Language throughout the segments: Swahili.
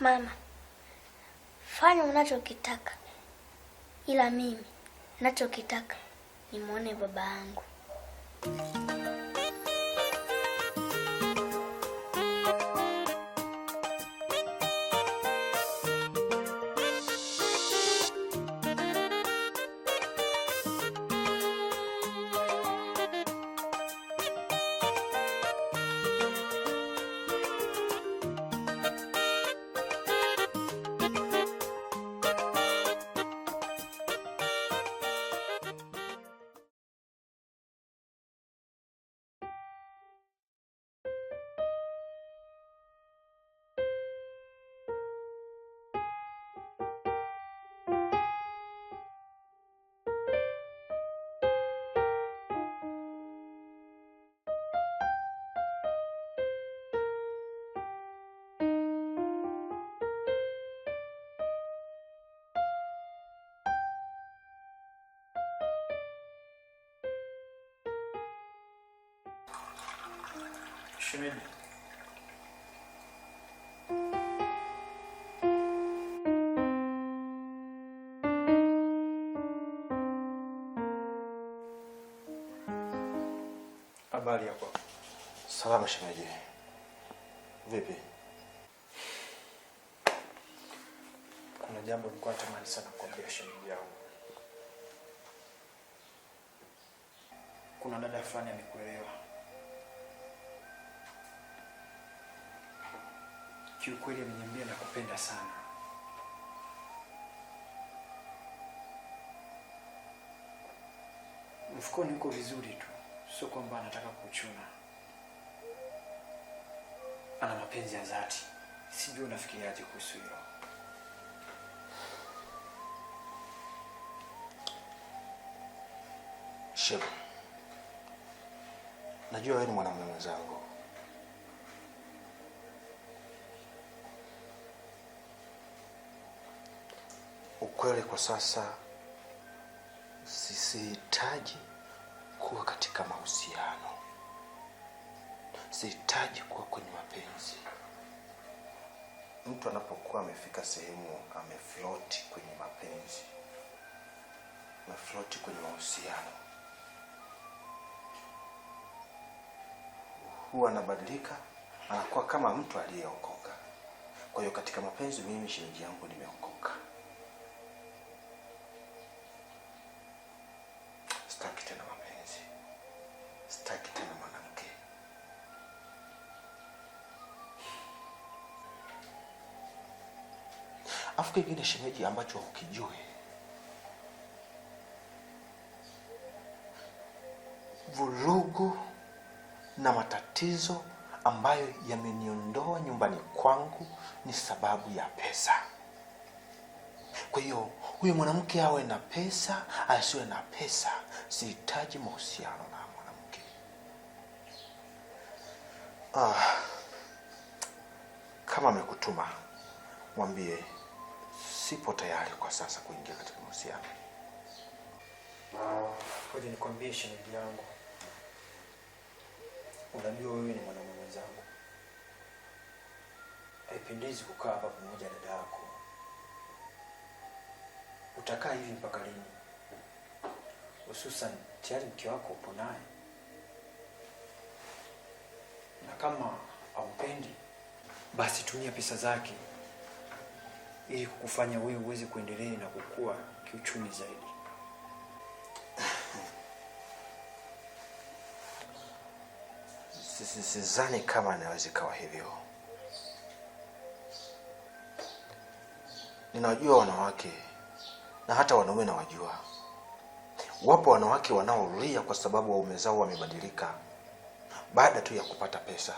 Mama, fanya unachokitaka, ila mimi nachokitaka nimwone baba yangu. Şimdi Habari yako? Salama shemeji. Vipi? Kuna jambo nilikuwa natamani sana kukuambia shemeji yangu. Kuna dada fulani amekuelewa. kiukweli ameniambia nakupenda sana. Mfukoni uko vizuri tu, sio kwamba anataka kuchuna. Ana mapenzi ya dhati. Sijui unafikiriaje kuhusu hilo. Shep, najua wewe ni mwanamume mwenzangu ukweli kwa sasa sisihitaji kuwa katika mahusiano, sihitaji kuwa kwenye mapenzi. Mtu anapokuwa amefika sehemu amefloti kwenye mapenzi, amefloti kwenye mahusiano, huwa anabadilika, anakuwa kama mtu aliyeokoka. Kwa hiyo katika mapenzi, mimi shinji yangu nimeokoka Afu kingine shemeji, ambacho hukijui, vurugu na matatizo ambayo yameniondoa nyumbani kwangu ni sababu ya pesa. Kwa hiyo huyu mwanamke awe na pesa asiwe na pesa, sihitaji mahusiano na mwanamke. Ah, kama amekutuma mwambie sipo tayari kwa sasa kuingia katika mahusiano. Ngoja nikwambie shangazi yangu, unajua wewe ni mwanamume mwenzangu, haipendezi kukaa hapa pamoja na dada yako. Utakaa hivi mpaka lini? Hususan tayari mke wako upo naye, na kama haupendi basi tumia pesa zake ili kukufanya wewe uweze kuendelea na kukua kiuchumi zaidi. Sizani kama naweza kawa hivyo. Ninajua wanawake na hata wanaume nawajua. Wapo wanawake wanaolia kwa sababu waume zao wamebadilika baada tu ya kupata pesa,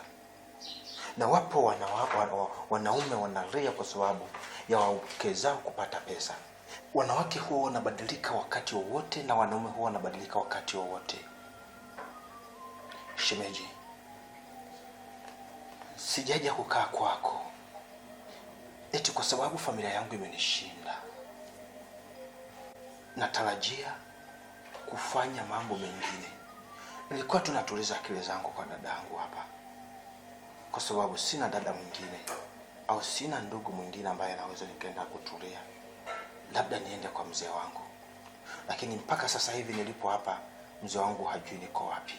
na wapo wanaume wanalia kwa sababu ya zao kupata pesa. Wanawake huwa wanabadilika wakati wowote na wanaume huwa wanabadilika wakati wowote. Shemeji, sijaja kukaa kwako eti kwa sababu familia yangu imenishinda. Natarajia kufanya mambo mengine. Nilikuwa tunatuliza akili zangu kwa dadangu hapa, kwa sababu sina dada mwingine au sina ndugu mwingine ambaye anaweza nikaenda kutulia, labda niende kwa mzee wangu, lakini mpaka sasa hivi nilipo hapa, mzee wangu hajui niko wapi.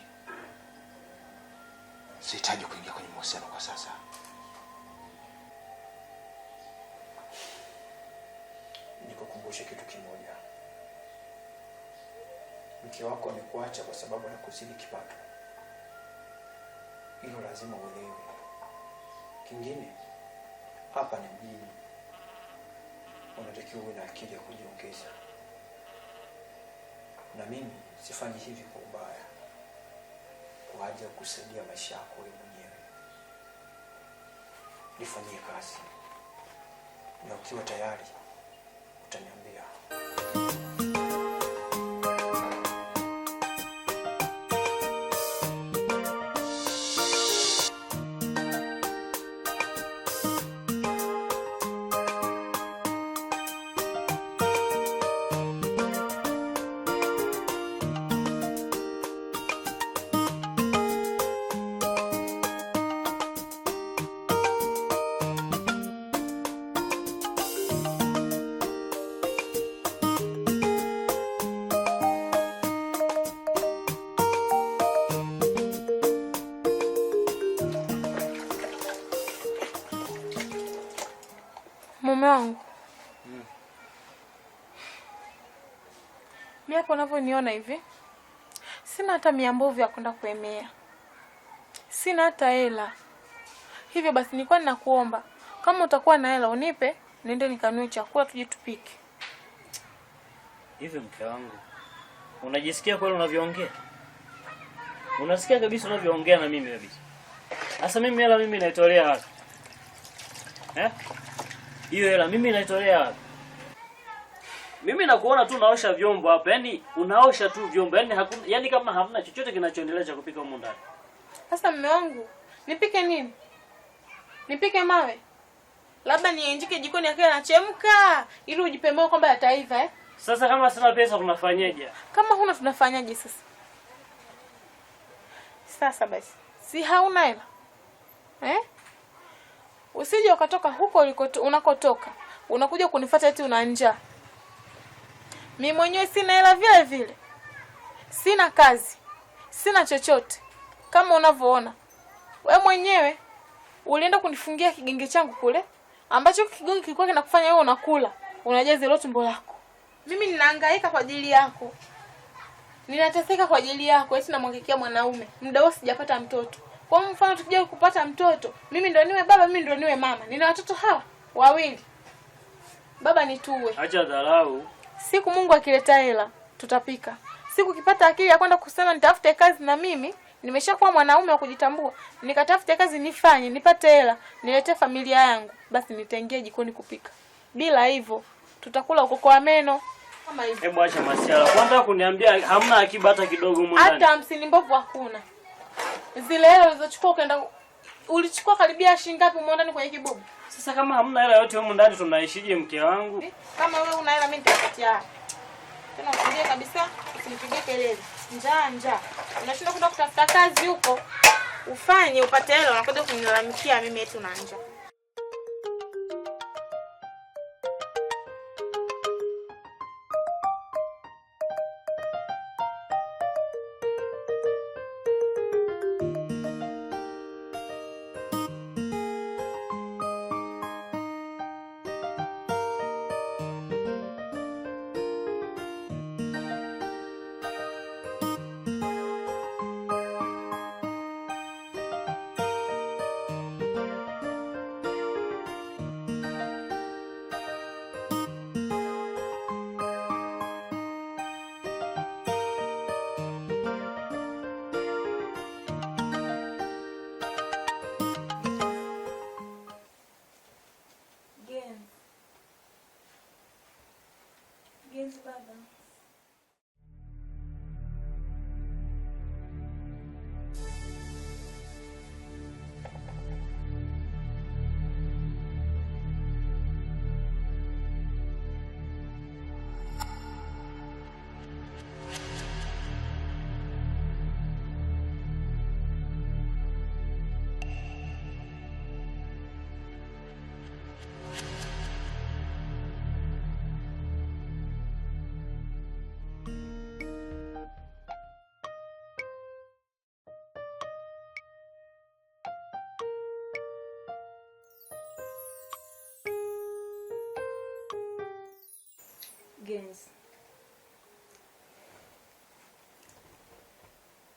Sihitaji kuingia kwenye mahusiano kwa sasa. Nikukumbushe kitu kimoja, mke wako amekuacha kwa sababu kuzidi kipato. Hilo lazima uelewe. Kingine hapa ni mjini, unatakiwa uwe na akili ya kujiongeza, na mimi sifanyi hivi kwa ubaya, kwa ajili ya kusaidia maisha yako wewe mwenyewe. Nifanyie kazi, na ukiwa tayari utaniambia. wangu Mi hapo unavyoniona hivi, sina hata miambovu ya kwenda kuemea, sina hata hela. Hivyo basi, nilikuwa ninakuomba kama utakuwa na hela unipe, niende nikanue chakula tuje tupike. Hivyo mke wangu, unajisikia kweli unavyoongea? Unasikia kabisa unavyoongea na mimi kabisa. Sasa mimi hela mimi naitolea wapi eh? hiyo hela mimi naitolea wapi? Mimi nakuona tu naosha vyombo hapa, yaani unaosha tu vyombo, yaani hakuna, yaani kama hamna chochote kinachoendelea cha kupika huko ndani. Sasa mume wangu, nipike nini? Nipike mawe? Labda nienjike jikoni akiwa anachemka ili ujipembee kwamba yataiva eh? Sasa kama sina pesa tunafanyaje? Kama huna tunafanyaje sasa? Sasa basi. Si hauna hela. Eh? Usije ukatoka huko ulikotoka, unakotoka unakuja kunifuata eti una njaa. Mimi mwenyewe sina hela vile vile, sina kazi, sina chochote kama unavyoona we mwenyewe. Ulienda kunifungia kigenge changu kule, ambacho kigingi kilikuwa kinakufanya wewe unakula unajaza ile tumbo lako. Mimi ninahangaika kwa ajili yako, ninateseka kwa ajili yako, eti namwangikia mwanaume muda huo sijapata mtoto. Kwa mfano tukija kupata mtoto, mimi ndo niwe baba, mimi ndo niwe mama. Nina watoto hawa wawili, baba ni tuwe. Acha dharau. Siku Mungu akileta hela tutapika. Siku kipata akili ya kwenda kusema nitafute kazi, na mimi nimeshakuwa mwanaume wa kujitambua, nikatafute kazi nifanye, nipate hela, nilete familia yangu, basi nitaingia jikoni kupika. Bila hivyo tutakula ukoko wa meno. Hebu acha masiala. Kwanza kuniambia hamna akiba hata kidogo mwanani. Hata hamsini mbovu hakuna. Zile hela ulizochukua ukaenda ulichukua karibia shilingi ngapi umeona ndani kwenye kibubu? Sasa kama hamna hela yote humu ndani tunaishije mke wangu? Eh, kama wewe una hela mimi nitakupatia. Tena usilie kabisa, usinipigie kelele. Njaa njaa. Unashinda kwenda kutafuta kazi huko. Ufanye upate hela unakwenda kunilalamikia mimi eti una njaa. Genzi,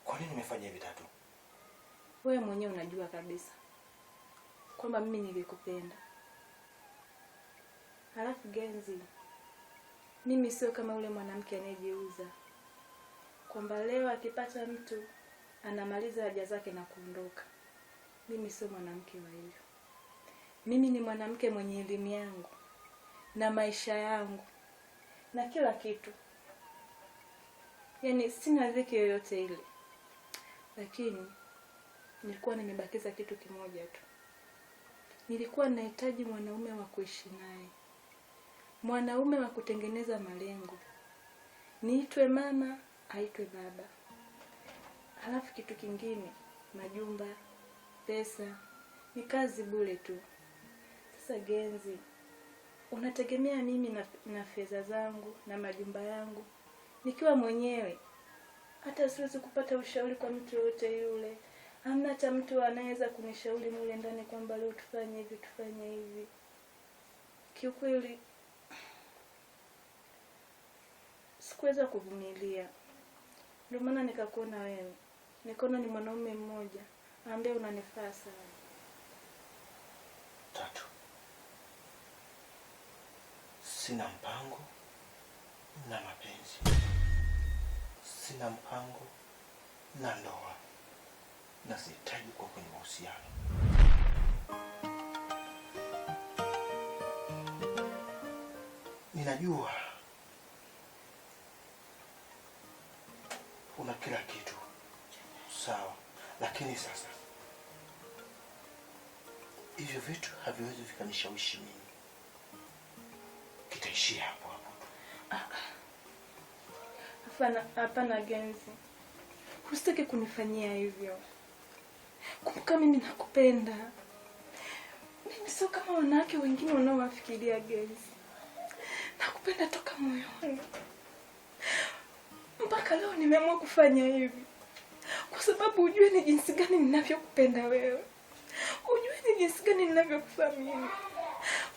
kwa nini umefanya hivi Tatu? Wewe mwenyewe unajua kabisa kwamba mimi nilikupenda. Halafu Genzi, mimi sio kama yule mwanamke anayejiuza kwamba leo akipata mtu anamaliza haja zake na kuondoka. Mimi sio mwanamke wa hivyo. Mimi ni mwanamke mwenye elimu yangu na maisha yangu na kila kitu, yaani sina dhiki yoyote ile, lakini nilikuwa nimebakiza kitu kimoja tu. Nilikuwa ninahitaji mwanaume wa kuishi naye, mwanaume wa kutengeneza malengo, niitwe mama aitwe baba. Halafu kitu kingine, majumba, pesa, ni kazi bure tu. Sasa Genzi unategemea mimi na, na fedha zangu na majumba yangu nikiwa mwenyewe? Hata siwezi kupata ushauri kwa mtu yoyote yule. Hamna hata mtu anaweza kunishauri mule ndani kwamba leo tufanye hivi tufanye hivi. Kiukweli sikuweza kuvumilia, ndio maana nikakuona wewe, nikaona ni mwanaume mmoja ambaye unanifaa sana. Sina mpango na mapenzi, sina mpango na ndoa, na sihitaji kuwa kwenye mahusiano. Ninajua una kila kitu sawa, lakini sasa hivyo vitu haviwezi vikanishawishi mimi kitaishia hapo hapo. Ah, ah. Hapana, hapana Genzi, husitaki kunifanyia hivyo. Kumbuka mimi nakupenda. Mimi sio kama wanawake wengine wanaowafikiria Genzi, nakupenda toka moyoni. Mpaka leo nimeamua kufanya hivi kwa sababu ujue ni jinsi gani ninavyokupenda wewe, ujue ni jinsi gani ninavyokuthamini.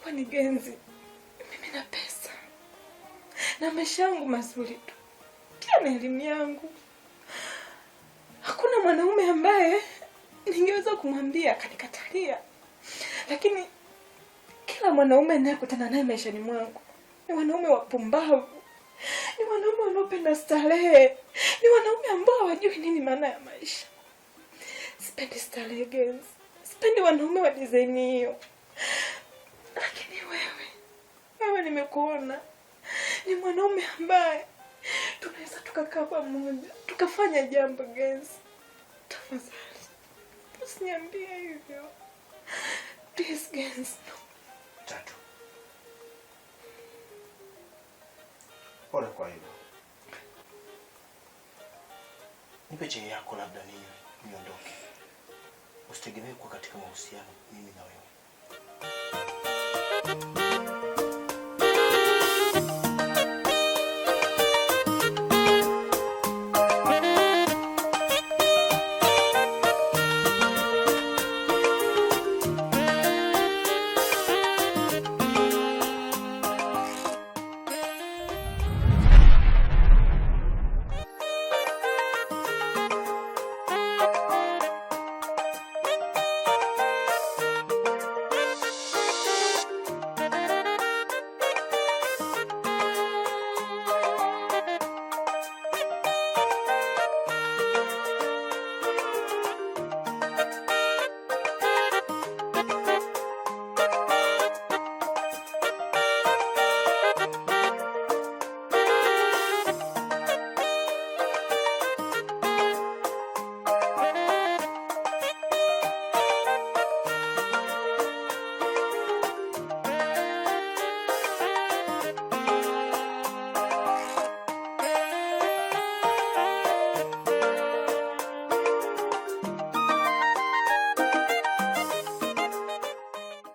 Kwani Genzi Nina pesa na maisha yangu mazuri tu, pia na elimu yangu. Hakuna mwanaume ambaye ningeweza kumwambia akanikatalia, lakini kila mwanaume ninayekutana naye maishani mwangu ni wanaume wapumbavu, ni wanaume wanaopenda starehe, ni wanaume ambao hawajui nini maana ya maisha. Sipendi starehe, sipendi wanaume wa dizaini hiyo, lakini wewe wewe nimekuona ni mwanaume ambaye tunaweza tukakaa pamoja tukafanya jambo Genzi, tafadhali usiniambie hivyo please Genzi. Tatu, pole kwa hilo, nipe chai yako, labda nini niondoke. Usitegemee kuwa katika mahusiano mimi na wewe.